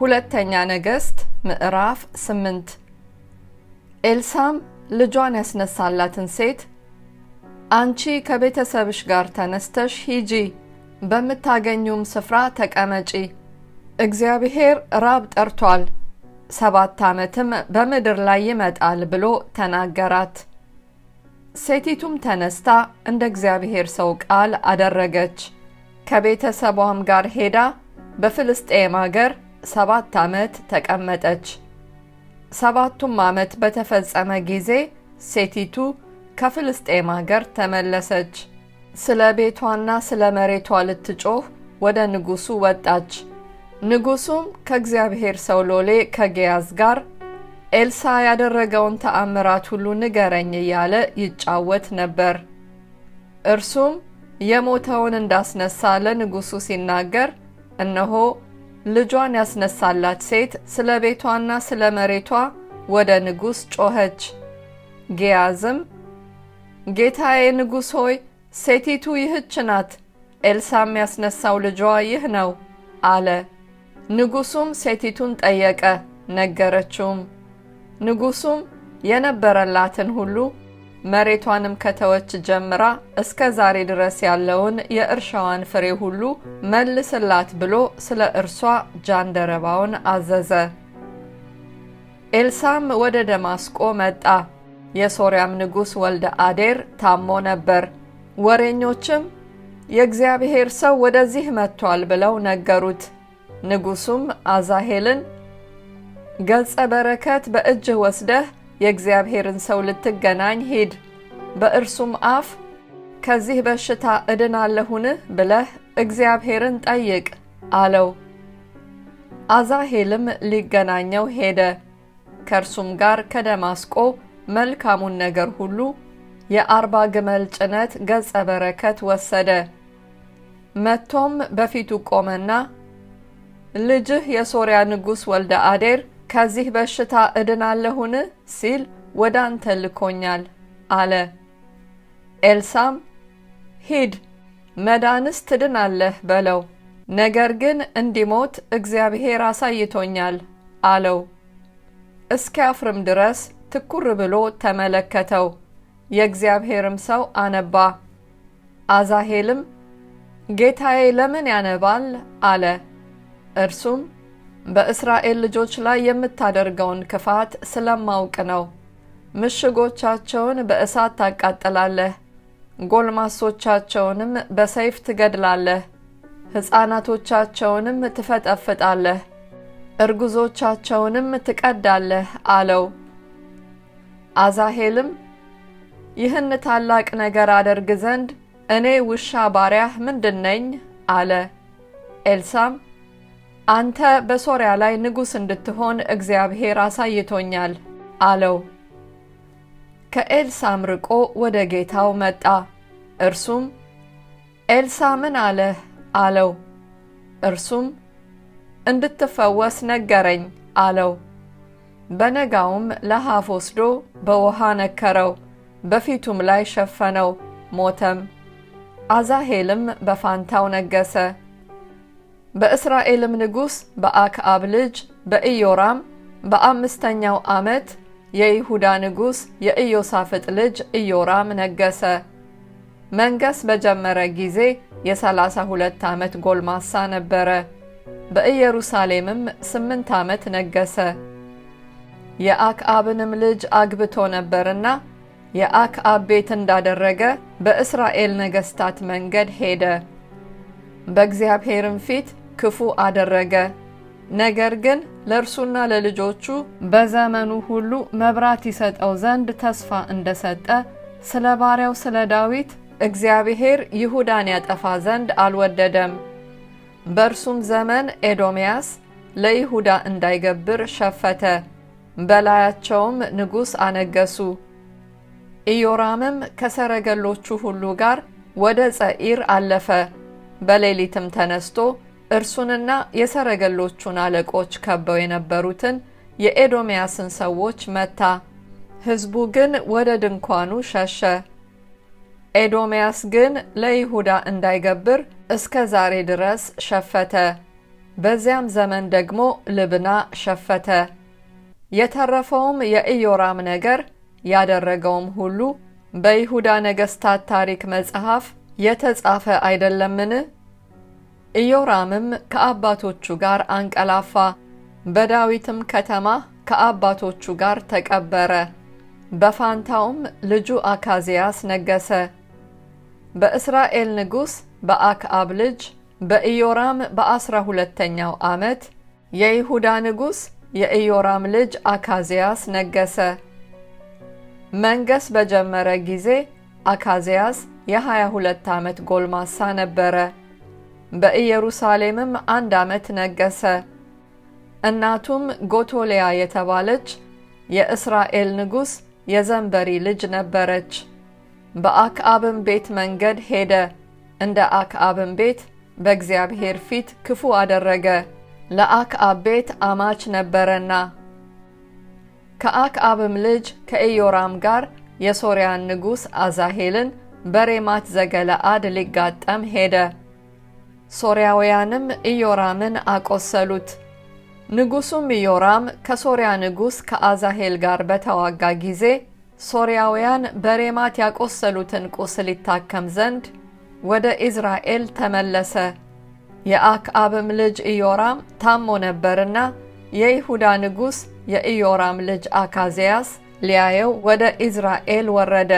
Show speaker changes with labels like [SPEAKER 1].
[SPEAKER 1] ሁለተኛ ነገሥት ምዕራፍ 8 ኤልሳም ልጇን ያስነሳላትን ሴት አንቺ ከቤተሰብሽ ጋር ተነስተሽ ሂጂ፣ በምታገኙም ስፍራ ተቀመጪ፣ እግዚአብሔር ራብ ጠርቷል፣ ሰባት ዓመትም በምድር ላይ ይመጣል ብሎ ተናገራት። ሴቲቱም ተነስታ እንደ እግዚአብሔር ሰው ቃል አደረገች። ከቤተሰቧም ጋር ሄዳ በፍልስጤም አገር ሰባት ዓመት ተቀመጠች። ሰባቱም ዓመት በተፈጸመ ጊዜ ሴቲቱ ከፍልስጤም አገር ተመለሰች። ስለ ቤቷና ስለ መሬቷ ልትጮህ ወደ ንጉሡ ወጣች። ንጉሡም ከእግዚአብሔር ሰው ሎሌ ከጌያዝ ጋር ኤልሳ ያደረገውን ተአምራት ሁሉ ንገረኝ እያለ ይጫወት ነበር። እርሱም የሞተውን እንዳስነሳ ለንጉሡ ሲናገር እነሆ ልጇን ያስነሳላት ሴት ስለ ቤቷና ስለ መሬቷ ወደ ንጉሥ ጮኸች። ጌያዝም ጌታዬ ንጉሥ ሆይ ሴቲቱ ይህች ናት፣ ኤልሳም ያስነሳው ልጇ ይህ ነው አለ። ንጉሡም ሴቲቱን ጠየቀ፣ ነገረችውም። ንጉሡም የነበረላትን ሁሉ መሬቷንም ከተወች ጀምራ እስከ ዛሬ ድረስ ያለውን የእርሻዋን ፍሬ ሁሉ መልስላት ብሎ ስለ እርሷ ጃንደረባውን አዘዘ። ኤልሳም ወደ ደማስቆ መጣ። የሶርያም ንጉሥ ወልደ አዴር ታሞ ነበር። ወሬኞችም የእግዚአብሔር ሰው ወደዚህ መጥቷል ብለው ነገሩት። ንጉሡም አዛሄልን ገጸ በረከት በእጅህ ወስደህ የእግዚአብሔርን ሰው ልትገናኝ ሂድ፣ በእርሱም አፍ ከዚህ በሽታ እድናለሁን ብለህ እግዚአብሔርን ጠይቅ አለው። አዛሄልም ሊገናኘው ሄደ። ከእርሱም ጋር ከደማስቆ መልካሙን ነገር ሁሉ የአርባ ግመል ጭነት ገጸ በረከት ወሰደ። መጥቶም በፊቱ ቆመና ልጅህ የሶርያ ንጉሥ ወልደ አዴር ከዚህ በሽታ እድናለሁን ሲል ወደ አንተ ልኮኛል አለ። ኤልሳም ሂድ መዳንስ ትድናለህ በለው፣ ነገር ግን እንዲሞት እግዚአብሔር አሳይቶኛል አለው። እስኪያፍርም ድረስ ትኩር ብሎ ተመለከተው። የእግዚአብሔርም ሰው አነባ። አዛሄልም ጌታዬ ለምን ያነባል አለ። እርሱም በእስራኤል ልጆች ላይ የምታደርገውን ክፋት ስለማውቅ ነው። ምሽጎቻቸውን በእሳት ታቃጥላለህ፣ ጎልማሶቻቸውንም በሰይፍ ትገድላለህ፣ ሕፃናቶቻቸውንም ትፈጠፍጣለህ፣ እርጉዞቻቸውንም ትቀዳለህ አለው። አዛሄልም ይህን ታላቅ ነገር አደርግ ዘንድ እኔ ውሻ ባሪያህ ምንድነኝ አለ። ኤልሳም አንተ በሶሪያ ላይ ንጉሥ እንድትሆን እግዚአብሔር አሳይቶኛል አለው። ከኤልሳም ርቆ ወደ ጌታው መጣ። እርሱም ኤልሳ ምን አለህ አለው። እርሱም እንድትፈወስ ነገረኝ አለው። በነጋውም ለሃፍ ወስዶ በውሃ ነከረው፣ በፊቱም ላይ ሸፈነው፣ ሞተም። አዛሄልም በፋንታው ነገሰ። በእስራኤልም ንጉሥ በአክአብ ልጅ በኢዮራም በአምስተኛው ዓመት የይሁዳ ንጉሥ የኢዮሳፍጥ ልጅ ኢዮራም ነገሰ። መንገስ በጀመረ ጊዜ የ32 ዓመት ጎልማሳ ነበረ። በኢየሩሳሌምም ስምንት ዓመት ነገሰ። የአክአብንም ልጅ አግብቶ ነበርና የአክአብ ቤት እንዳደረገ በእስራኤል ነገሥታት መንገድ ሄደ። በእግዚአብሔርም ፊት ክፉ አደረገ። ነገር ግን ለእርሱና ለልጆቹ በዘመኑ ሁሉ መብራት ይሰጠው ዘንድ ተስፋ እንደሰጠ ስለ ባሪያው ስለ ዳዊት እግዚአብሔር ይሁዳን ያጠፋ ዘንድ አልወደደም። በእርሱም ዘመን ኤዶምያስ ለይሁዳ እንዳይገብር ሸፈተ፣ በላያቸውም ንጉሥ አነገሱ። ኢዮራምም ከሰረገሎቹ ሁሉ ጋር ወደ ጸዒር አለፈ። በሌሊትም ተነስቶ እርሱንና የሰረገሎቹን አለቆች ከበው የነበሩትን የኤዶምያስን ሰዎች መታ። ሕዝቡ ግን ወደ ድንኳኑ ሸሸ። ኤዶምያስ ግን ለይሁዳ እንዳይገብር እስከ ዛሬ ድረስ ሸፈተ። በዚያም ዘመን ደግሞ ልብና ሸፈተ። የተረፈውም የኢዮራም ነገር ያደረገውም ሁሉ በይሁዳ ነገሥታት ታሪክ መጽሐፍ የተጻፈ አይደለምን? ኢዮራምም ከአባቶቹ ጋር አንቀላፋ፣ በዳዊትም ከተማ ከአባቶቹ ጋር ተቀበረ። በፋንታውም ልጁ አካዚያስ ነገሰ። በእስራኤል ንጉሥ በአክአብ ልጅ በኢዮራም በአስራ ሁለተኛው ዓመት የይሁዳ ንጉሥ የኢዮራም ልጅ አካዚያስ ነገሰ። መንገስ በጀመረ ጊዜ አካዚያስ የ22 ዓመት ጎልማሳ ነበረ። በኢየሩሳሌምም አንድ ዓመት ነገሰ። እናቱም ጎቶሊያ የተባለች የእስራኤል ንጉሥ የዘንበሪ ልጅ ነበረች። በአክአብም ቤት መንገድ ሄደ፣ እንደ አክአብም ቤት በእግዚአብሔር ፊት ክፉ አደረገ፣ ለአክአብ ቤት አማች ነበረና። ከአክአብም ልጅ ከኢዮራም ጋር የሶርያን ንጉሥ አዛሄልን በሬማት ዘገለአድ ሊጋጠም ሄደ። ሶርያውያንም ኢዮራምን አቆሰሉት። ንጉሱም ኢዮራም ከሶርያ ንጉሥ ከአዛሄል ጋር በተዋጋ ጊዜ ሶርያውያን በሬማት ያቆሰሉትን ቁስል ይታከም ዘንድ ወደ ኢዝራኤል ተመለሰ። የአክአብም ልጅ ኢዮራም ታሞ ነበርና የይሁዳ ንጉሥ የኢዮራም ልጅ አካዝያስ ሊያየው ወደ ኢዝራኤል ወረደ።